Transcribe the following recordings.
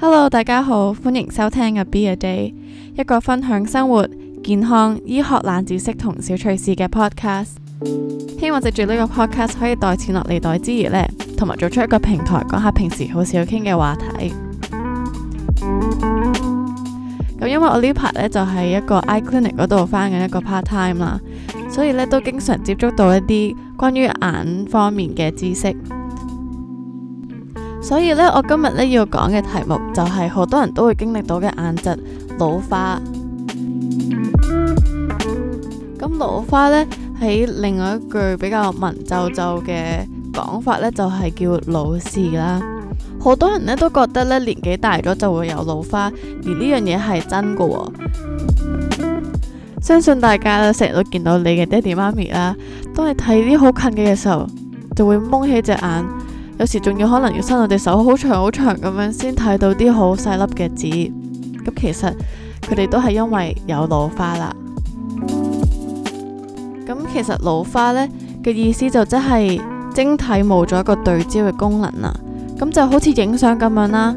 Hello，大家好，歡迎收聽《A Bee A Day》一個分享生活、健康、醫學冷知識同小趣事嘅 podcast。希望借住呢個 podcast 可以袋錢落嚟，袋之餘呢，同埋做出一個平台，講下平時好少傾嘅話題。咁因為我呢排呢，就喺、是、一個 eye clinic 嗰度返緊一個 part time 啦，所以呢都經常接觸到一啲關於眼方面嘅知識。所以呢，我今日呢要講嘅題目就係好多人都會經歷到嘅眼疾老花。咁老花呢，喺另外一句比較文縐縐嘅講法呢，就係、是、叫「老視」啦。好多人呢都覺得呢年紀大咗就會有老花，而呢樣嘢係真噶喎。 相信大家呢成日都見到你嘅爹哋媽咪啦，當你睇啲好近嘅嘅時候，就會蒙起隻眼，有時仲有可能要伸很長很長到隻手好長好長咁樣先睇到啲好細粒嘅字。咁其實佢哋都係因為有老花啦。咁其實老花呢，嘅意思就即係晶體冇咗一個對焦嘅功能啦。咁就好似影相咁樣啦，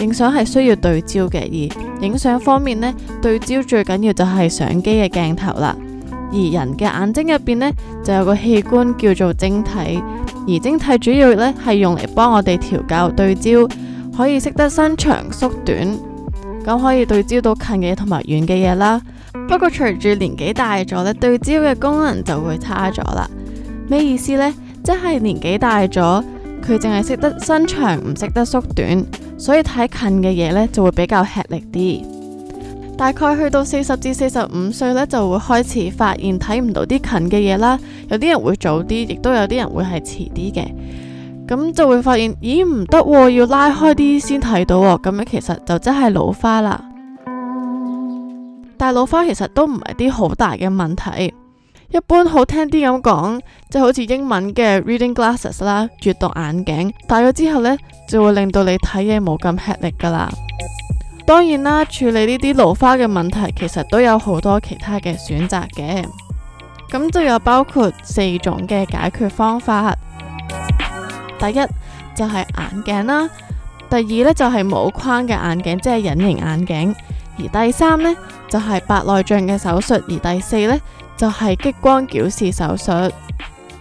影相係需要對焦嘅，而影相方面呢，對焦最緊要就係相機嘅鏡頭啦。而人嘅眼睛入邊呢，就有個器官叫做晶體，而晶體主要呢係用嚟幫我哋調校對焦，可以識得伸長縮短，咁可以對焦到近嘅同埋遠嘅嘢啦。不過隨住年紀大咗呢，對焦嘅功能就會差咗啦。咩意思呢？即係年紀大咗。佢淨係識得伸長，唔識得縮短，所以睇近嘅嘢呢就會比較吃力啲。大概去到四十至四十五歲呢，就會開始發現睇唔到啲近嘅嘢啦。有啲人會早啲，亦都有啲人會係遲啲嘅。咁就會發現，咦，唔得喎，要拉開啲先睇到喎。咁樣其實就真係老花啦。但係老花其實都唔係啲好大嘅問題。一般好聽啲咁講，即係好似英文嘅 reading glasses 啦，閱讀眼鏡戴咗之後呢，就會令到你睇嘢冇咁吃力噶啦。當然啦，處理呢啲老花嘅問題，其實都有好多其他嘅選擇嘅。咁就有包括四種嘅解決方法。第一就係眼鏡啦，第二呢就係冇框嘅眼鏡，即係隱形眼鏡；而第三呢就係白內障嘅手術，而第四呢。就係激光矯視手術，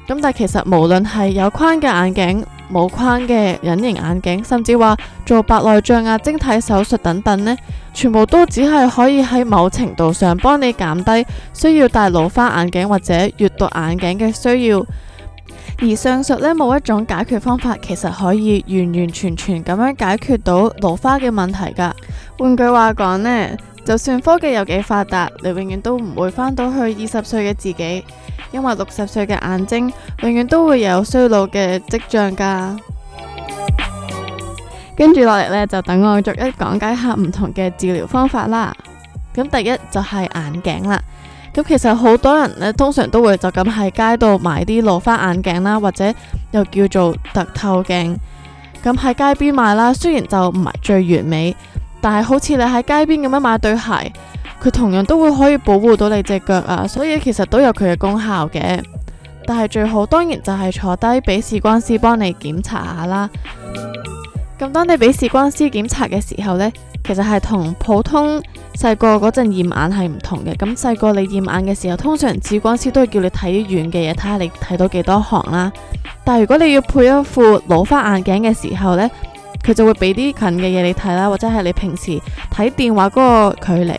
咁但其實無論係有框嘅眼鏡、冇框嘅隱形眼鏡，甚至話做白內障啊、晶體手術等等呢，全部都只係可以喺某程度上幫你減低需要戴老花眼鏡或者閱讀眼鏡嘅需要，而上述呢，冇一種解決方法，其實可以完完全全咁樣解決到老花嘅問題噶。換句話講呢。就算科技有幾發達，你永遠都唔會返到去二十歲嘅自己，因為六十歲嘅眼睛永遠都會有衰老嘅跡象噶。跟住落嚟呢，就等我逐一講解下唔同嘅治療方法啦。咁第一就係、是、眼鏡啦。咁其實好多人呢，通常都會就咁喺街度買啲老花眼鏡啦，或者又叫做凸透鏡。咁喺街邊買啦，雖然就唔係最完美。但係好似你喺街邊咁樣買對鞋，佢同樣都會可以保護到你隻腳啊，所以其實都有佢嘅功效嘅。但係最好當然就係坐低俾視光師幫你檢查下啦。咁當你俾視光師檢查嘅時候呢，其實係同普通細個嗰陣驗眼係唔同嘅。咁細個你驗眼嘅時候，通常視光師都會叫你睇遠嘅嘢，睇下你睇到幾多行啦。但係如果你要配一副老花眼鏡嘅時候呢，佢就會俾啲近嘅嘢你睇啦，或者係你平時睇電話嗰個距離，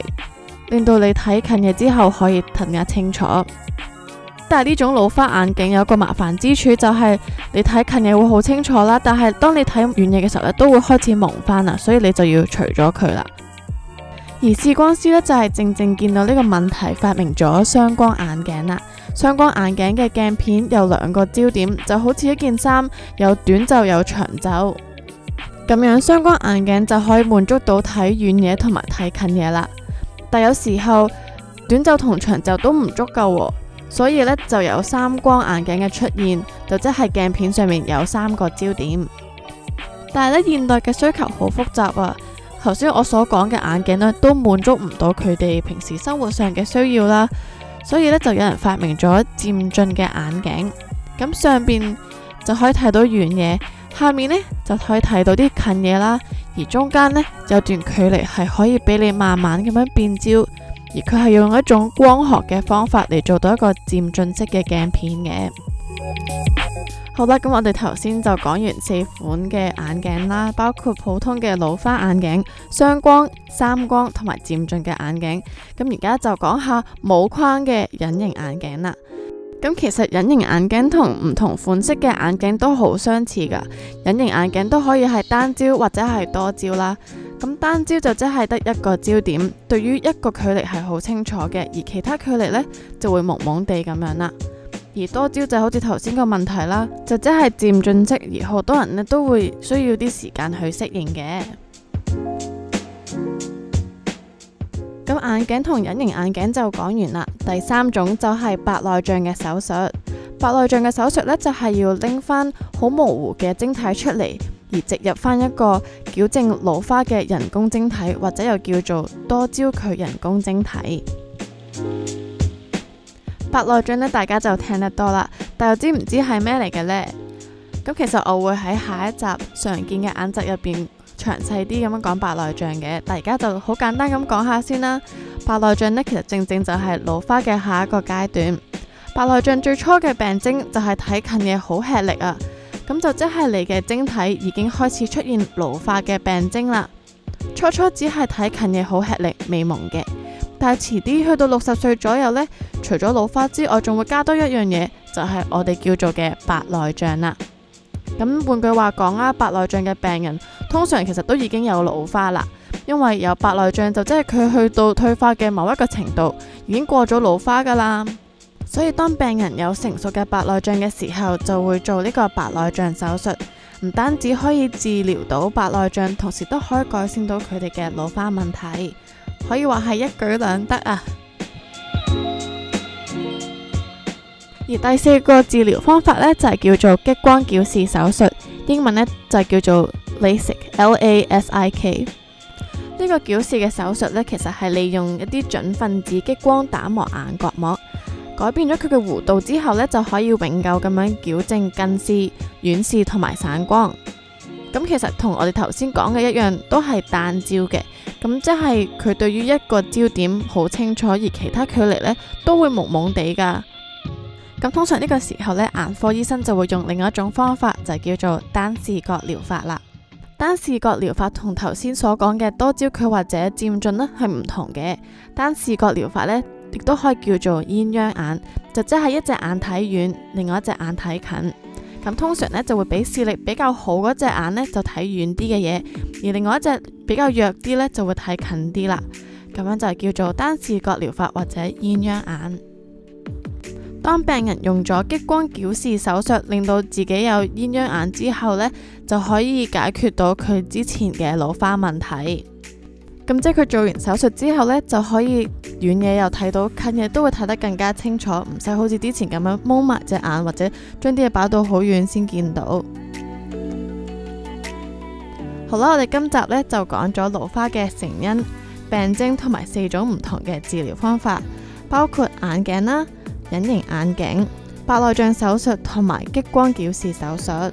令到你睇近嘢之後可以睇得清楚。但係呢種老花眼鏡有個麻煩之處就係你睇近嘢會好清楚啦，但係當你睇遠嘢嘅時候咧都會開始矇翻啦，所以你就要除咗佢啦。而視光師呢，就係正正見到呢個問題，發明咗雙光眼鏡啦。雙光眼鏡嘅鏡片有兩個焦點，就好似一件衫有短袖有長袖。咁樣雙光眼鏡就可以滿足到睇遠嘢同埋睇近嘢啦。但有時候短袖同長袖都唔足夠，所以呢就有三光眼鏡嘅出現，就即係鏡片上面有三個焦點。但係呢，現代嘅需求好複雜啊，頭先我所講嘅眼鏡呢，都滿足唔到佢哋平時生活上嘅需要啦，所以呢，就有人發明咗漸進嘅眼鏡，咁上邊就可以睇到遠嘢。下面呢，就可以睇到啲近嘢啦，而中間呢，有段距離係可以俾你慢慢咁樣變焦，而佢係用一種光學嘅方法嚟做到一個漸進式嘅鏡片嘅。 好啦，咁我哋頭先就講完四款嘅眼鏡啦，包括普通嘅老花眼鏡、雙光、三光同埋漸進嘅眼鏡。咁而家就講下冇框嘅隱形眼鏡啦。咁其實隱形眼鏡同唔同款式嘅眼鏡都好相似噶，隱形眼鏡都可以係單焦或者係多焦啦。咁單焦就即係得一個焦點，對於一個距離係好清楚嘅，而其他距離呢，就會濛濛地咁樣啦。而多焦就好似頭先個問題啦，就即係漸進式，而好多人呢都會需要啲時間去適應嘅。咁眼鏡同隱形眼鏡就講完啦，第三種就係白內障嘅手術。白內障嘅手術呢，就係、是、要拎翻好模糊嘅晶體出嚟，而植入翻一個矯正老花嘅人工晶體，或者又叫做多焦距人工晶體。白內障呢，大家就聽得多啦，但又知唔知係咩嚟嘅呢？咁其實我會喺下一集常見嘅眼疾入邊。詳細啲咁樣講白內障嘅，但而家就好簡單咁講下先啦。白內障呢，其實正正就係老花嘅下一個階段。白內障最初嘅病徵就係睇近嘢好吃力啊，咁就即係你嘅晶體已經開始出現老化嘅病徵啦。初初只係睇近嘢好吃力，未蒙嘅，但係遲啲去到六十歲左右呢，除咗老花之外，仲會加多一樣嘢，就係我哋叫做嘅白內障啦。咁換句話講啦，白內障嘅病人通常其實都已經有老花啦，因為有白內障就即係佢去到退化嘅某一個程度，已經過咗老花㗎啦。所以當病人有成熟嘅白內障嘅時候，就會做呢個白內障手術，唔單止可以治療到白內障，同時都可以改善到佢哋嘅老花問題，可以話係一舉兩得啊！而第四個治療方法呢，就係叫做激光矯視手術，英文呢，就叫做 LASIK, L-A-S-I-K。呢個矯視嘅手術呢，其實係利用一啲準分子激光打磨眼角膜，改變咗佢嘅弧度之後呢，就可以永久咁樣矯正近視、遠視同埋散光。咁其實同我哋頭先講嘅一樣，都係單焦嘅。咁即係佢對於一個焦點好清楚，而其他距離呢，都會蒙蒙地㗎。咁通常呢個時候呢，眼科醫生就會用另外一種方法，就叫做單視覺療法啦。單視覺療法同頭先所講嘅多焦距或者漸進呢係唔同嘅。單視覺療法呢，亦都可以叫做鴛鴦眼，就即係一隻眼睇遠，另外一隻眼睇近。咁通常呢，就會俾視力比較好嗰隻眼呢就睇遠啲嘅嘢，而另外一隻比較弱啲呢就會睇近啲啦。咁樣就叫做單視覺療法或者鴛鴦眼。當病人用咗激光矯視手術，令到自己有鴛鴦眼之後呢，就可以解決到佢之前嘅老花問題。咁即係佢做完手術之後呢，就可以遠嘢又睇到，近嘢都會睇得更加清楚，唔使好似之前咁樣蒙埋隻眼或者將啲嘢擺到好遠先見到。好啦，我哋今集呢，就講咗老花嘅成因、病徵同埋四種唔同嘅治療方法，包括眼鏡啦。隱形眼鏡、白內障手術同埋激光矯視手術。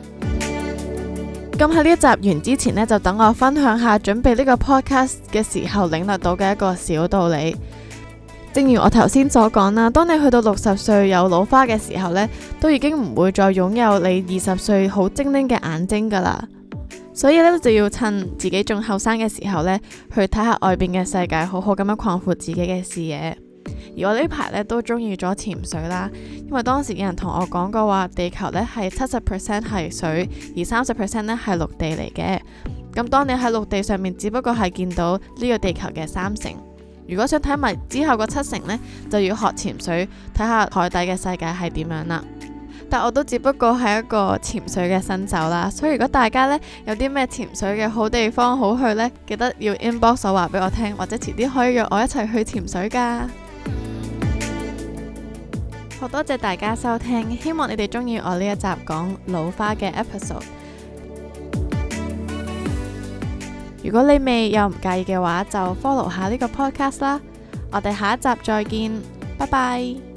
咁喺呢一集完之前呢，就等我分享下準備呢個 podcast 嘅時候領略到嘅一個小道理。正如我頭先所講啦，當你去到六十歲有老花嘅時候呢，都已經唔會再擁有你二十歲好精靈嘅眼睛噶啦。所以呢，就要趁自己仲後生嘅時候呢，去睇下外邊嘅世界，好好咁樣擴闊自己嘅視野。而我呢排呢都中意咗潛水啦，因為當時有人同我講過話，地球呢係七十 percent 係水，而三十 percent 呢係陸地嚟嘅。咁當你喺陸地上面，只不過係見到呢個地球嘅三成。如果想睇埋之後個七成呢，就要學潛水睇下海底嘅世界係點樣啦。但我都只不過係一個潛水嘅新手啦，所以如果大家呢，有啲咩潛水嘅好地方好去呢，記得要 inbox 我話俾我聽，或者遲啲可以約我一齊去潛水噶。好多謝大家收聽，希望你哋中意我呢一集講老花嘅 episode。如果你未有唔介意嘅話，就 follow 下呢個 podcast 啦。我哋下一集再見，拜拜。